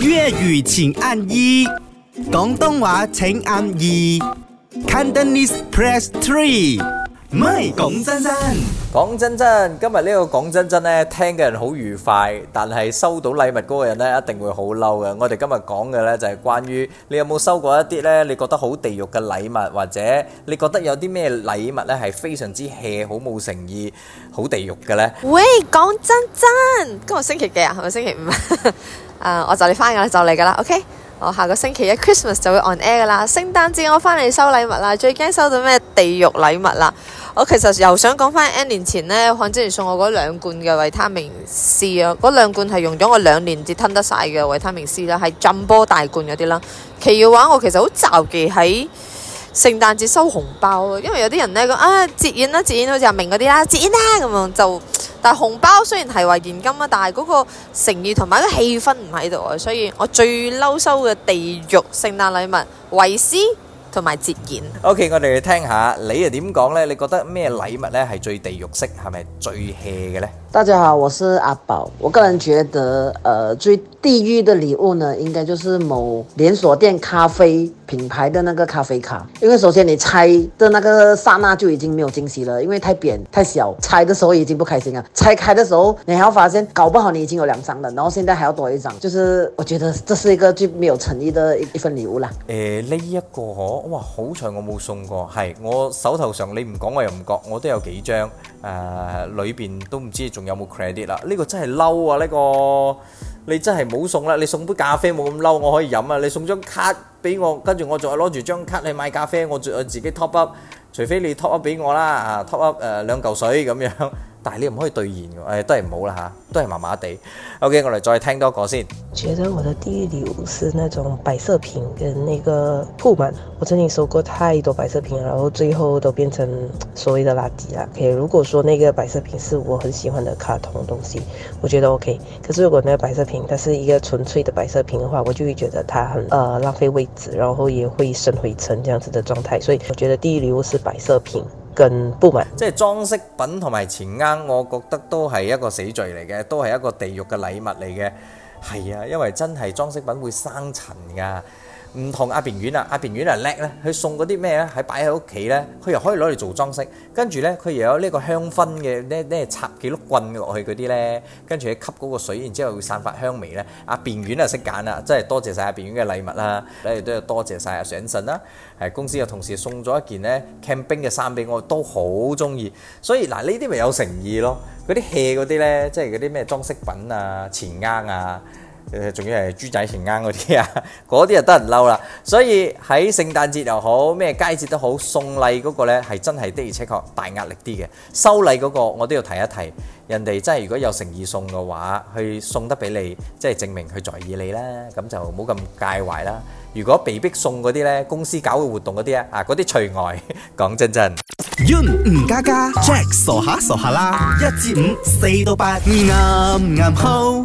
粵語請按一，廣東話請按二，Cantonese press three。唔係講真真，講真真，今日呢個講真真呢，聽嘅人好愉快，但係收到禮物嗰個人呢，一定會好嬲嘅。我哋今日講嘅呢，就係關於你有冇收過一啲呢，你覺得好地獄嘅禮物，或者你覺得有啲咩禮物呢，係非常之 hea，好冇誠意，好地獄嘅呢？喂，講真真，今日星期幾啊？係咪星期五啊？啊！Uh, 我就嚟翻噶啦，就嚟噶啦，OK。我下個星期一 Christmas 就會 on air 噶啦。聖誕節我翻嚟收禮物啦，最驚收到咩地獄禮物啦？我其實又想講翻 N 年前呢，漢之前送我嗰兩罐嘅維他命 C 啊，嗰兩罐係用咗我兩年至吞得晒嘅維他命 C 啦，係 Jumbo 大罐嗰啲啦。其嘅話，我其實好着急喺聖誕節收紅包，因為有啲人呢，講啊折現啦，折現好似阿明嗰啲啦，折現啦咁樣就。但係紅包雖然係話現金啊，但係嗰個誠意同埋嗰個氣氛唔喺度啊，所以我最嬲收嘅地獄聖誕禮物遺施同埋節儉。OK，我哋嚟聽下，你又點講咧？你覺得咩禮物咧係最地獄式，係咪最 hea 嘅咧？大家好，我是阿寶。我個人覺得，呃，最地獄的禮物呢，應該就是某連鎖店咖啡品牌的那個咖啡卡。因為首先你拆的那個剎那就已經沒有驚喜了，因為太扁太小，拆的時候已經不開心了。拆開的時候，你還要發現搞不好你已經有兩張了，然後現在還要多一張，就是我覺得這是一個最沒有誠意的一一份禮物啦。誒，呢一個呵，哇，好彩我冇送過，係我手頭上你唔講我又唔覺，我都有幾張，誒，裏邊都唔知。仲有冇 credit 啦？呢個真係嬲啊！呢、這個你真係冇送啦！你送杯咖啡冇咁嬲，我可以飲啊！你送張卡俾我，跟住我再攞住張卡你買咖啡，我再自己 top up。除非你 top up 俾我啦，啊 top up 誒、呃、兩嚿水咁樣。但你又唔可以兌現嘅、哎，都係唔好啦嚇，都係麻麻地。O、okay, K，我哋再聽多個先。我覺得我的地獄禮物是那種擺飾品跟那個布漫，我曾經收過太多擺飾品，然後最後都變成所謂的垃圾啦。O、okay, K，如果說那個擺飾品是我很喜歡的卡通東西，我覺得 O、okay、K。可是如果那個擺飾品它是一個純粹的擺飾品的話，我就會覺得它很呃浪費位置，然後也會生灰塵這樣子的狀態，所以我覺得地獄禮物是擺飾品。即係裝飾品同埋錢罌，我覺得都係一個死罪嚟嘅，都係一個地獄嘅禮物嚟嘅。係啊，因為真係裝飾品會生塵噶。唔同阿邊遠啦，阿邊遠啊叻咧，佢送嗰啲咩咧，喺擺喺屋企咧，佢又可以攞嚟做裝飾，跟住咧佢又有呢個香薰嘅咧咧插幾碌棍落去嗰啲咧，跟住佢吸嗰個水，然之後會散發香味咧。阿邊遠啊識揀啊，真係多謝曬阿邊遠嘅禮物啦，誒都要多謝曬阿上神啦，誒公司又同時送咗一件咧 camping 嘅衫俾我，都好中意，所以嗱呢啲咪有誠意咯，嗰啲 hea 嗰啲咧，即係嗰啲咩裝飾品啊、錢罌啊。誒，仲要係豬仔前啱嗰啲啊，嗰啲就得人嬲啦。所以喺聖誕節又好，咩佳節都好，送禮嗰個咧係真係的而且確大壓力啲嘅。收禮嗰個我都要提一提，人哋真係如果有誠意送嘅話，去送得俾你，即係證明佢在意你啦。咁就冇咁介懷啦。如果被逼送嗰啲咧，公司搞嘅活動嗰啲啊，啊嗰啲除外。講真真，un 吳家家，check 傻下傻下啦，一至五四到八，啱啱好。